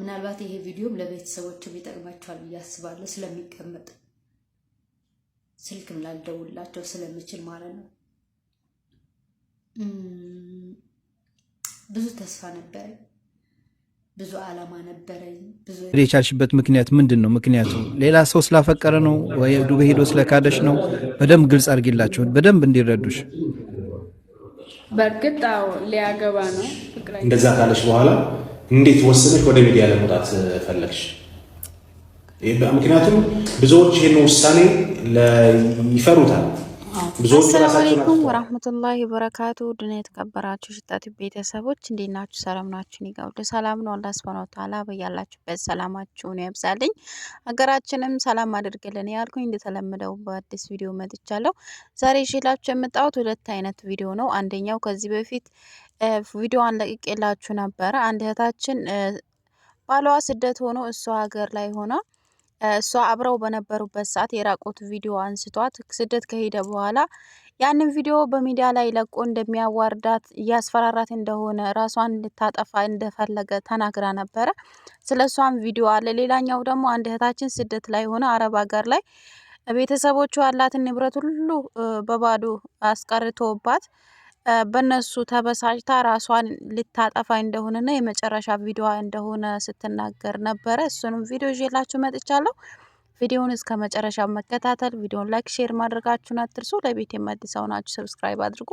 ምናልባት ይሄ ቪዲዮም ለቤተሰቦችም ይጠቅማቸዋል ብዬ አስባለሁ። ስለሚቀመጥ ስልክም ላልደውላቸው ስለምችል ማለት ነው። ብዙ ተስፋ ነበረኝ፣ ብዙ አላማ ነበረኝ። ብዙ የቻልሽበት ምክንያት ምንድን ነው? ምክንያቱ ሌላ ሰው ስላፈቀረ ነው ወይ ዱቤ ሄዶ ስለካደሽ ነው? በደንብ ግልጽ አድርጊላቸው፣ በደንብ እንዲረዱሽ። በእርግጥ ሊያገባ ነው እንደዛ ካለሽ በኋላ እንዴት ወሰነች ወደ ሚዲያ ለመውጣት ፈለግሽ? ምክንያቱም ብዙዎች ይህን ውሳኔ ይፈሩታል። አሰላሙ አለይኩም ወራህመቱላሂ ወበረካቱ ድና የተከበራችሁ ሽታት ቤተሰቦች እንዴት ናችሁ? ሰላም ናችሁ? እኔ ጋር ሁሉ ሰላም ነው። አላህ ሱብሃነሁ ወተዓላ በያላችሁበት ሰላማችሁን ያብዛልኝ፣ ሀገራችንም ሰላም አድርግልን ያልኩኝ እንደተለመደው በአዲስ ቪዲዮ መጥቻለሁ። ዛሬ ይዤላችሁ የመጣሁት ሁለት አይነት ቪዲዮ ነው። አንደኛው ከዚህ በፊት ቪዲዮ ለቅቄላችሁ ነበረ። አንድ እህታችን ባሏ ስደት ሆኖ እሷ ሀገር ላይ ሆና እሷ አብረው በነበሩበት ሰዓት የራቆት ቪዲዮ አንስቷት ስደት ከሄደ በኋላ ያንን ቪዲዮ በሚዲያ ላይ ለቆ እንደሚያዋርዳት እያስፈራራት እንደሆነ ራሷን ልታጠፋ እንደፈለገ ተናግራ ነበረ። ስለ እሷም ቪዲዮ አለ። ሌላኛው ደግሞ አንድ እህታችን ስደት ላይ ሆነ አረብ ሀገር ላይ ቤተሰቦቿ ያላትን ንብረት ሁሉ በባዶ አስቀርቶባት በነሱ ተበሳጭታ ራሷን ልታጠፋ እንደሆነና የመጨረሻ ቪዲዮ እንደሆነ ስትናገር ነበረ። እሱንም ቪዲዮ ይዤላችሁ መጥቻለሁ። ቪዲዮውን እስከ መጨረሻ መከታተል፣ ቪዲዮውን ላይክ፣ ሼር ማድረጋችሁን አትርሱ። ለቤት የማዲሰው ናችሁ ሰብስክራይብ አድርጉ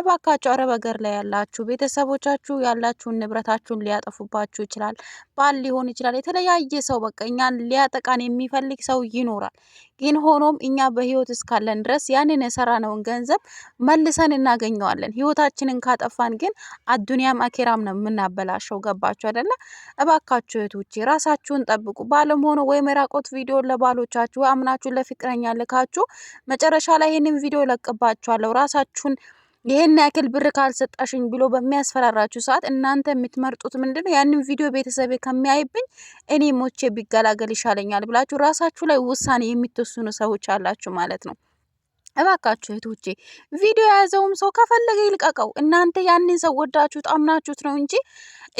እባካችሁ። አረብ ሀገር ላይ ያላችሁ ቤተሰቦቻችሁ ያላችሁን ንብረታችሁን ሊያጠፉባችሁ ይችላል። ባል ሊሆን ይችላል። የተለያየ ሰው በቃ እኛን ሊያጠቃን የሚፈልግ ሰው ይኖራል። ግን ሆኖም እኛ በህይወት እስካለን ድረስ ያንን የሰራነውን ገንዘብ መልሰን እናገኘዋለን። ህይወታችንን ካጠፋን ግን አዱኒያም አኬራም ነው የምናበላሸው። ገባችሁ አይደለ? እባካችሁ እህቶቼ ራሳችሁን ጠብቁ። ባለም ሆኖ ወይም የራቆት ቪዲዮ ለባሎቻችሁ አምናችሁ ለፍቅረኛ ልካችሁ መጨረሻ ላይ ይህንን ቪዲዮ ለቅባችኋለሁ ራሳችሁን ይሄን ያክል ብር ካልሰጣሽኝ ብሎ በሚያስፈራራችሁ ሰዓት እናንተ የምትመርጡት ምንድን ነው? ያንን ቪዲዮ ቤተሰብ ከሚያይብኝ እኔ ሞቼ ቢገላገል ይሻለኛል ብላችሁ ራሳችሁ ላይ ውሳኔ የሚትወስኑ ሰዎች አላችሁ ማለት ነው። እባካችሁ እህቶቼ ቪዲዮ የያዘውም ሰው ከፈለገ ይልቀቀው። እናንተ ያንን ሰው ወዳችሁት አምናችሁት ነው እንጂ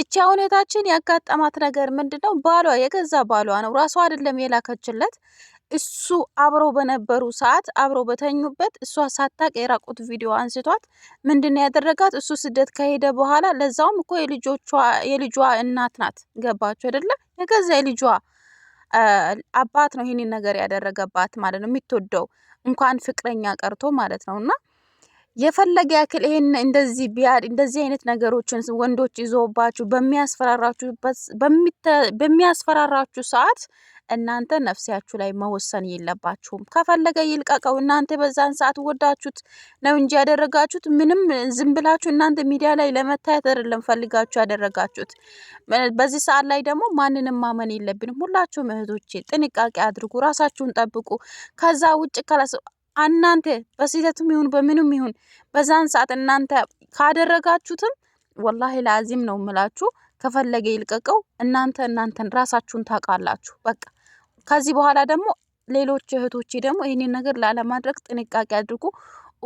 እቺ ሁኔታችን ያጋጠማት ነገር ምንድን ነው? ባሏ የገዛ ባሏ ነው ራሷ አይደለም የላከችለት እሱ አብረው በነበሩ ሰዓት አብረው በተኙበት እሷ ሳታቅ የራቁት ቪዲዮ አንስቷት ምንድን ያደረጋት? እሱ ስደት ከሄደ በኋላ ለዛውም እኮ የልጇ እናት ናት። ገባችሁ አይደለ? የገዛ የልጇ አባት ነው ይህንን ነገር ያደረገባት ማለት ነው። የሚትወደው እንኳን ፍቅረኛ ቀርቶ ማለት ነው እና የፈለገ ያክል ይሄን እንደዚህ ቢያድ እንደዚህ አይነት ነገሮችን ወንዶች ይዞባችሁ በሚያስፈራራችሁበት በሚያስፈራራችሁ ሰዓት እናንተ ነፍሲያችሁ ላይ መወሰን የለባችሁም። ከፈለገ ይልቀቀው። እናንተ በዛን ሰዓት ወዳችሁት ነው እንጂ ያደረጋችሁት ምንም ዝም ብላችሁ እናንተ ሚዲያ ላይ ለመታየት አይደለም ፈልጋችሁ ያደረጋችሁት። በዚህ ሰዓት ላይ ደግሞ ማንንም ማመን የለብንም። ሁላችሁም እህቶቼ ጥንቃቄ አድርጉ፣ ራሳችሁን ጠብቁ። ከዛ ውጭ ከላስ እናንተ በስህተትም ይሁን በምንም ይሁን በዛን ሰዓት እናንተ ካደረጋችሁትም ወላሂ ለአዚም ነው ምላችሁ ከፈለገ ይልቀቀው። እናንተ እናንተን ራሳችሁን ታውቃላችሁ በቃ። ከዚህ በኋላ ደግሞ ሌሎች እህቶች ደግሞ ይህንን ነገር ላለማድረግ ጥንቃቄ አድርጉ።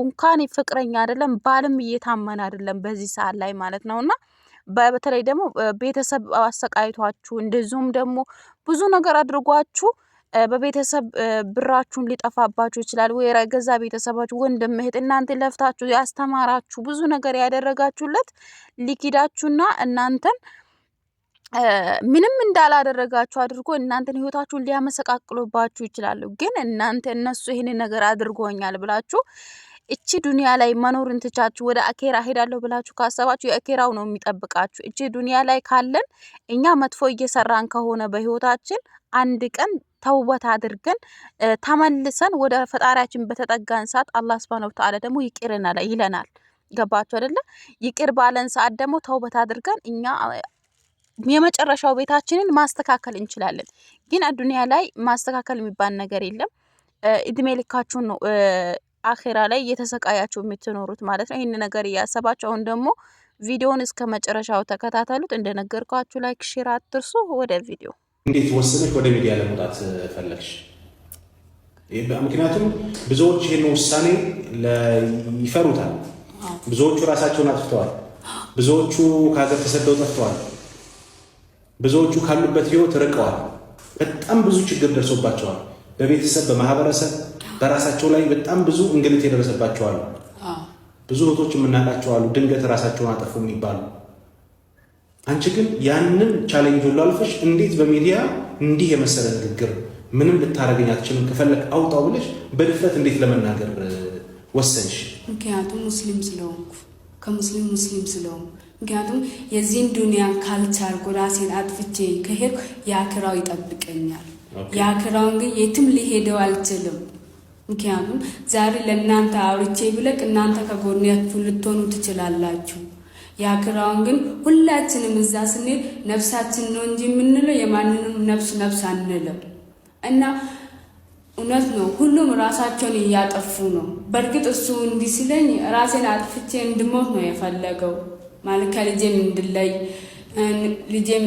እንኳን ፍቅረኛ አይደለም ባልም እየታመን አይደለም በዚህ ሰዓት ላይ ማለት ነው እና በተለይ ደግሞ ቤተሰብ አሰቃይቷችሁ እንደዚሁም ደግሞ ብዙ ነገር አድርጓችሁ በቤተሰብ ብራችሁን ሊጠፋባችሁ ይችላል። ወይ ገዛ ቤተሰባችሁ ወንድም፣ እህት እናንተ ለፍታችሁ ያስተማራችሁ ብዙ ነገር ያደረጋችሁለት ሊኪዳችሁና እናንተን ምንም እንዳላደረጋችሁ አድርጎ እናንተን ህይወታችሁን ሊያመሰቃቅሉባችሁ ይችላሉ። ግን እናንተ እነሱ ይህን ነገር አድርጎኛል ብላችሁ እቺ ዱንያ ላይ መኖርን ትቻችሁ ወደ አኬራ ሄዳለሁ ብላችሁ ካሰባችሁ የአኬራው ነው የሚጠብቃችሁ። እቺ ዱንያ ላይ ካለን እኛ መጥፎ እየሰራን ከሆነ በህይወታችን አንድ ቀን ተውበት አድርገን ተመልሰን ወደ ፈጣሪያችን በተጠጋን ሰዓት አላህ ሱብሃነሁ ወተዓላ ደግሞ ይቅር ይለናል። ገባችሁ አይደለ? ይቅር ባለን ሰዓት ደግሞ ተውበት አድርገን እኛ የመጨረሻው ቤታችንን ማስተካከል እንችላለን። ግን አዱኒያ ላይ ማስተካከል የሚባል ነገር የለም። እድሜ ልካችሁን ነው አኼራ ላይ እየተሰቃያችሁ የምትኖሩት ማለት ነው። ይህን ነገር እያሰባችሁ አሁን ደግሞ ቪዲዮውን እስከ መጨረሻው ተከታተሉት። እንደነገርኳችሁ ላይክ፣ ሼር አትርሱ። ወደ ቪዲዮ እንዴት ወሰነች ወደ ሚዲያ ለመውጣት ፈለግሽ? ምክንያቱም ብዙዎች ይህን ውሳኔ ይፈሩታል። ብዙዎቹ ራሳቸውን አጥፍተዋል። ብዙዎቹ ከሀገር ተሰደው ጠፍተዋል። ብዙዎቹ ካሉበት ህይወት ርቀዋል። በጣም ብዙ ችግር ደርሶባቸዋል። በቤተሰብ በማህበረሰብ በራሳቸው ላይ በጣም ብዙ እንግልት የደረሰባቸዋሉ። ብዙ እህቶች የምናውቃቸው አሉ፣ ድንገት ራሳቸውን አጠፉ የሚባሉ። አንቺ ግን ያንን ቻሌንጅ ሁሉ አልፈሽ እንዴት በሚዲያ እንዲህ የመሰለ ንግግር ምንም ልታረገኝ አትችልም፣ ከፈለግ አውጣው ብለሽ በድፍረት እንዴት ለመናገር ወሰንሽ? ምክንያቱም ሙስሊም ስለሆንኩ ከሙስሊም ሙስሊም ስለሆንኩ ምክንያቱም የዚህን ዱኒያ ካልቻልኩ ራሴን አጥፍቼ ከሄድኩ የአክራው ይጠብቀኛል። የአክራውን ግን የትም ሊሄደው አልችልም። ምክንያቱም ዛሬ ለእናንተ አውርቼ ብለቅ እናንተ ከጎናችሁ ልትሆኑ ትችላላችሁ። የአክራውን ግን ሁላችንም እዛ ስንሄድ ነፍሳችን ነው እንጂ የምንለው የማንንም ነፍስ ነፍስ አንልም እና እውነት ነው። ሁሉም ራሳቸውን እያጠፉ ነው። በእርግጥ እሱ እንዲህ ሲለኝ ራሴን አጥፍቼ እንድሞት ነው የፈለገው። ማለት ከልጄም እንድለይ ልጄም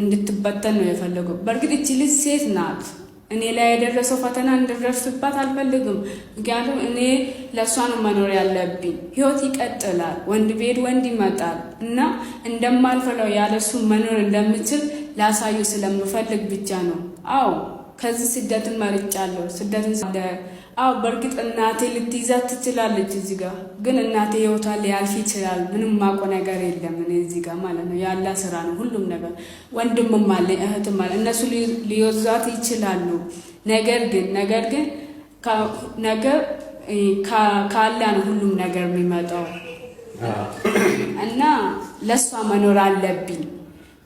እንድትበተን ነው የፈለገው። በእርግጥ እቺ ልጅ ሴት ናት። እኔ ላይ የደረሰው ፈተና እንድደርስባት አልፈልግም። ምክንያቱም እኔ ለእሷ ነው መኖር ያለብኝ። ህይወት ይቀጥላል። ወንድ ቤድ ወንድ ይመጣል እና እንደማልፈለው ያለሱ መኖር እንደምችል ላሳዩ ስለምፈልግ ብቻ ነው። አዎ ከዚህ ስደትን መርጫለሁ። ስደትን አዎ በእርግጥ እናቴ ልትይዛት ትችላለች። እዚህ ጋር ግን እናቴ ህይወቷ ሊያልፍ ይችላል። ምንም ማቆ ነገር የለም። እኔ እዚህ ጋር ማለት ነው ያለ ስራ ነው ሁሉም ነገር። ወንድምም አለ እህትም አለ። እነሱ ሊወዛት ይችላሉ። ነገር ግን ነገር ግን ነገር ካላ ነው ሁሉም ነገር የሚመጣው እና ለእሷ መኖር አለብኝ።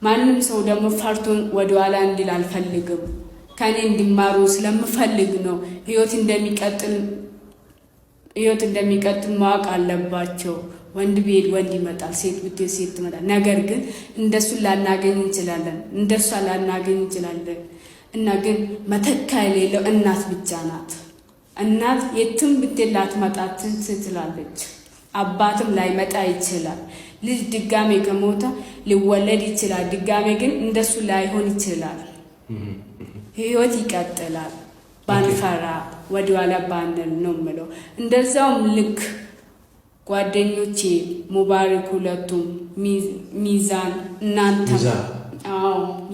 ማንም ሰው ደግሞ ፈርቶን ወደኋላ እንዲል አልፈልግም። ከእኔ እንዲማሩ ስለምፈልግ ነው። ህይወት እንደሚቀጥል ህይወት እንደሚቀጥል ማወቅ አለባቸው። ወንድ ብሄድ ወንድ ይመጣል፣ ሴት ብትሄድ ሴት ትመጣል። ነገር ግን እንደሱን ላናገኝ እንችላለን፣ እንደሷ ላናገኝ እንችላለን። እና ግን መተካ የሌለው እናት ብቻ ናት። እናት የትም ብትሄድ ላትመጣትን ትችላለች። አባትም ላይመጣ ይችላል። ልጅ ድጋሜ ከሞተ ሊወለድ ይችላል። ድጋሜ ግን እንደሱ ላይሆን ይችላል። ህይወት ይቀጥላል። ባንፈራ ወደኋላ ባንል ነው የምለው። እንደዛውም ልክ ጓደኞቼ ሙባሪክ፣ ሁለቱም ሚዛን እናንተ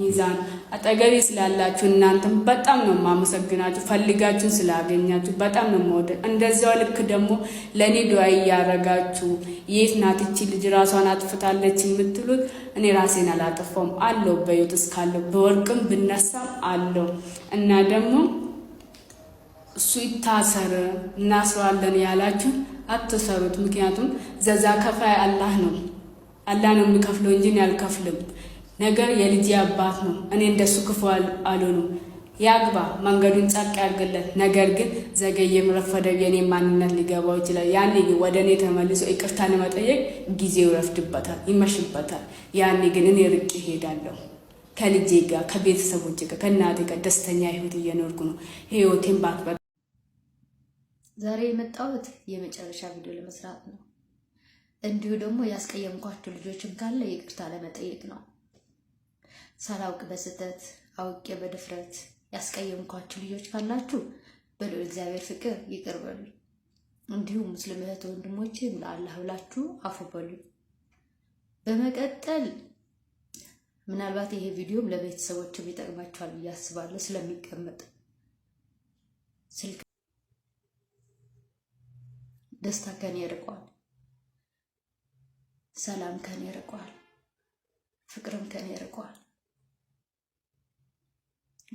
ሚዛን አጠገቤ ስላላችሁ እናንተም በጣም ነው የማመሰግናችሁ። ፈልጋችሁን ስላገኛችሁ በጣም ነው የምወደ። እንደዚያው ልክ ደግሞ ለእኔ ዱዓ እያረጋችሁ የት ናት ይቺ ልጅ ራሷን አጥፍታለች የምትሉት እኔ ራሴን አላጠፋውም አለው። በሕይወት እስካለሁ በወርቅም ብነሳም አለው እና ደግሞ እሱ ይታሰር እናስረዋለን ያላችሁ አትሰሩት። ምክንያቱም ዘዛ ከፋይ አላህ ነው። አላህ ነው የሚከፍለው እንጂ እኔ አልከፍልም። ነገር የልጄ አባት ነው። እኔ እንደሱ ክፉ ነው ያግባ፣ መንገዱን ጸጥ ያድርግለት። ነገር ግን ዘገየም ረፈደም የኔ ማንነት ሊገባው ይችላል። ያኔ ግን ወደ እኔ ተመልሶ ይቅርታ ለመጠየቅ ጊዜው ረፍድበታል ይመሽበታል። ያኔ ግን እኔ ርቅ ይሄዳለሁ። ከልጄ ጋር፣ ከቤተሰቦች ጋር፣ ከእናቴ ጋር ደስተኛ ህይወት እየኖርኩ ነው። ህይወቴን ባትበ ዛሬ የመጣሁት የመጨረሻ ቪዲዮ ለመስራት ነው። እንዲሁ ደግሞ ያስቀየምኳቸው ልጆችን ካለ ይቅርታ ለመጠየቅ ነው። ሳላውቅ በስህተት አውቄ በድፍረት ያስቀየምኳችሁ ልጆች ካላችሁ በሉ እግዚአብሔር ፍቅር ይቅር እንዲሁም ሙስሊም እህት ወንድሞቼም ለአላህ ብላችሁ አፉ በመቀጠል ምናልባት ይሄ ቪዲዮም ለቤተሰቦችም ይጠቅማቸዋል ብዬ አስባለሁ ስለሚቀመጥ ስልክ ደስታ ከኔ ርቋል፣ ሰላም ከኔ ርቋል፣ ፍቅርም ከኔ ርቋል።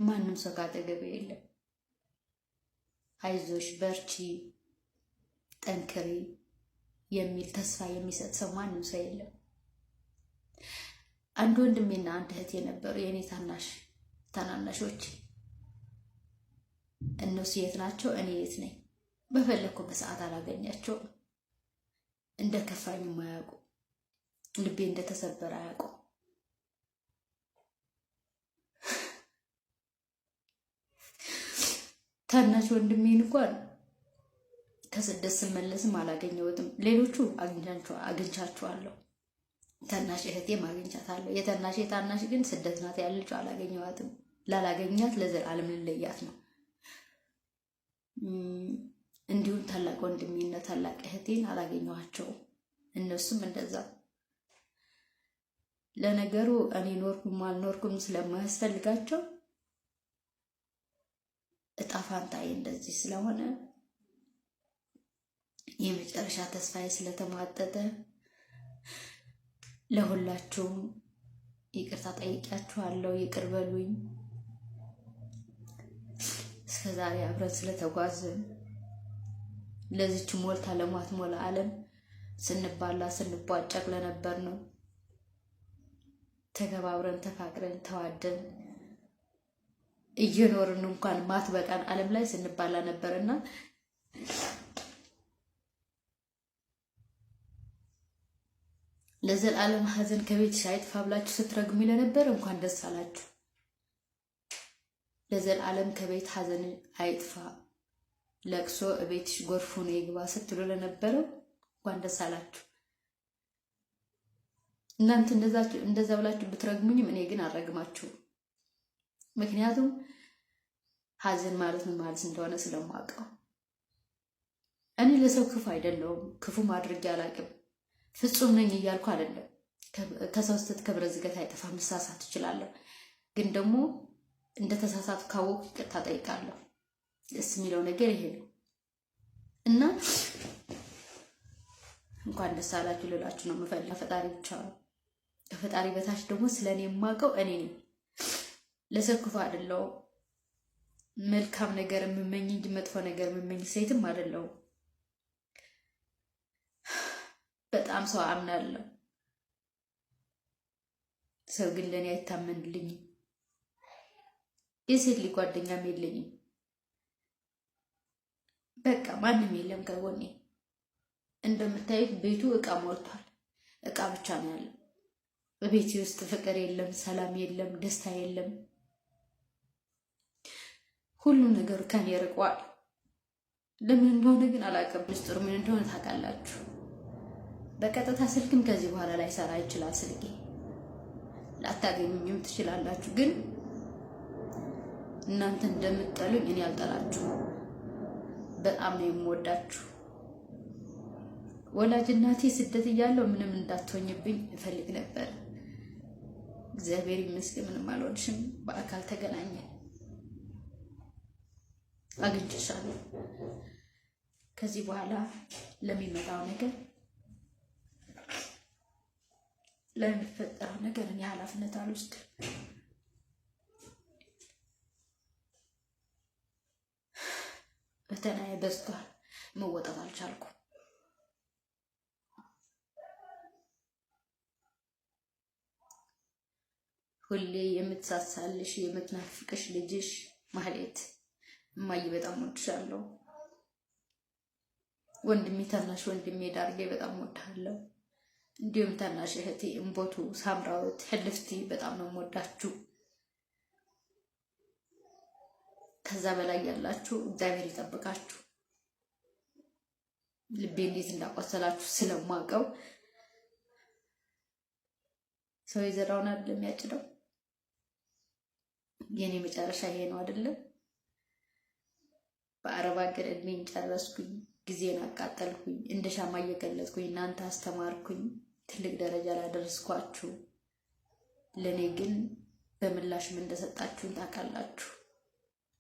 ማንም ሰው ካጠገበ የለም። አይዞሽ በርቺ፣ ጠንክሪ የሚል ተስፋ የሚሰጥ ሰው ማንም ሰው የለም። አንድ ወንድሜና አንድ እህት የነበሩ የእኔ ታናሽ ታናናሾች እነሱ የት ናቸው? እኔ የት ነኝ? በፈለግኩ በሰዓት አላገኛቸውም። እንደ ከፋኝ አያውቁ፣ ልቤ እንደተሰበረ አያውቁ። ታናሽ ወንድሜን እንኳን ከስደት ስመለስም አላገኘሁትም። ሌሎቹ አግኝቻቸዋለሁ። ታናሽ እህቴም አግኝቻታለሁ። የታናሽ ታናሽ ግን ስደት ናት ያለችው፣ አላገኘኋትም። ላላገኛት ለዘላለም ልለያት ነው። እንዲሁም ታላቅ ወንድሜና ታላቅ እህቴን አላገኘኋቸውም። እነሱም እንደዛ። ለነገሩ እኔ ኖርኩም አልኖርኩም ስለማያስፈልጋቸው እጣ እንደዚህ ስለሆነ የመጨረሻ ተስፋዬ ስለተሟጠጠ ለሁላችሁም ይቅርታ ጠይቂያችኋለሁ። ይቅር በሉኝ። እስከ ዛሬ አብረን ስለተጓዝን ለዚች ሞልታ ለሟት ሞለ ዓለም ስንባላ ስንቧጨቅ ለነበር ነው ተገባብረን ተፋቅረን ተዋደን እየኖርን እንኳን ማት በቃን ዓለም ላይ ስንባላ ነበርና ለዘላለም ሐዘን ከቤት አይጥፋ ብላችሁ ስትረግሙ ለነበር እንኳን ደስ አላችሁ። ለዘላለም ከቤት ሐዘን አይጥፋ ለቅሶ እቤትሽ ነው ይግባ ስትሉ ለነበረው እንኳን ደስ አላችሁ። እናንተ እንደዛ ብላችሁ ብትረግሙኝም እኔ ግን አልረግማችሁም። ምክንያቱም ሀዘን ማለት ምን ማለት እንደሆነ ስለማውቀው እኔ ለሰው ክፉ አይደለሁም። ክፉ ማድረግ አላውቅም። ፍጹም ነኝ እያልኩ አይደለም። ከሰው ስህተት ከብረት ዝገት አይጠፋም። መሳሳት እችላለሁ፣ ግን ደግሞ እንደ ተሳሳት ካወቅ ይቅርታ ጠይቃለሁ። ደስ የሚለው ነገር ይሄ ነው እና እንኳን ደስ አላችሁ ልላችሁ ነው ፈጣሪ ብቻ ነው። ከፈጣሪ በታች ደግሞ ስለ እኔ የማውቀው እኔ ነኝ። ለሰክፉ አይደለው። መልካም ነገር የምመኝ እንጂ መጥፎ ነገር የምመኝ ሴትም አይደለው በጣም ሰው አምናለሁ። ሰው ግን ለእኔ አይታመንልኝም። የሴት ልጅ ጓደኛም የለኝም። በቃ ማንም የለም ከጎኔ። እንደምታዩት ቤቱ እቃ ሞልቷል። እቃ ብቻ ነው ያለው። በቤቴ ውስጥ ፍቅር የለም፣ ሰላም የለም፣ ደስታ የለም። ሁሉ ነገር ከኔ ርቋል። ለምን እንደሆነ ግን አላውቅም። ምስጢሩ ምን እንደሆነ ታውቃላችሁ። በቀጥታ ስልክም ከዚህ በኋላ ላይ ሰራ ይችላል። ስልኬ ላታገኙኝም ትችላላችሁ። ግን እናንተ እንደምጠሉኝ እኔ አልጠላችሁ። በጣም ነው የምወዳችሁ። ወላጅ እናቴ ስደት እያለው ምንም እንዳትሆኝብኝ እፈልግ ነበር። እግዚአብሔር ይመስገን ምንም አልወድሽም። በአካል ተገናኘን። አግጅሻለሁ። ከዚህ በኋላ ለሚመጣው ነገር ለሚፈጠረው ነገር እኔ ኃላፊነት አልወስድም። ፈተናዬ በዝቷል፣ መወጣት አልቻልኩም። ሁሌ የምትሳሳልሽ የምትናፍቅሽ ልጅሽ ማህሌት እማዬ በጣም ወድሻለሁ። ወንድሜ ታናሽ ወንድሜ ዳርጌ በጣም ወድሃለሁ። እንዲሁም ታናሽ እህቴ እንቦቱ ፣ ሳምራዊት፣ ህልፍቲ በጣም ነው የምወዳችሁ። ከዛ በላይ ያላችሁ እግዚአብሔር ይጠብቃችሁ። ልቤ እንዴት እንዳቆሰላችሁ ስለማውቀው ሰው የዘራውን አይደለም የሚያጭደው። የኔ መጨረሻ ይሄ ነው አይደለም። በአረብ ሀገር እድሜን ጨረስኩኝ፣ ጊዜን አቃጠልኩኝ፣ እንደ ሻማ እየገለጽኩኝ እናንተ አስተማርኩኝ፣ ትልቅ ደረጃ ላደረስኳችሁ። ለእኔ ግን በምላሽ ምን እንደሰጣችሁን ታውቃላችሁ።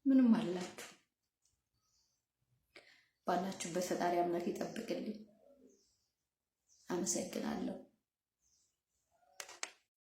ምንም አላችሁ። ባላችሁበት ፈጣሪ አምላክ ይጠብቅልኝ። አመሰግናለሁ።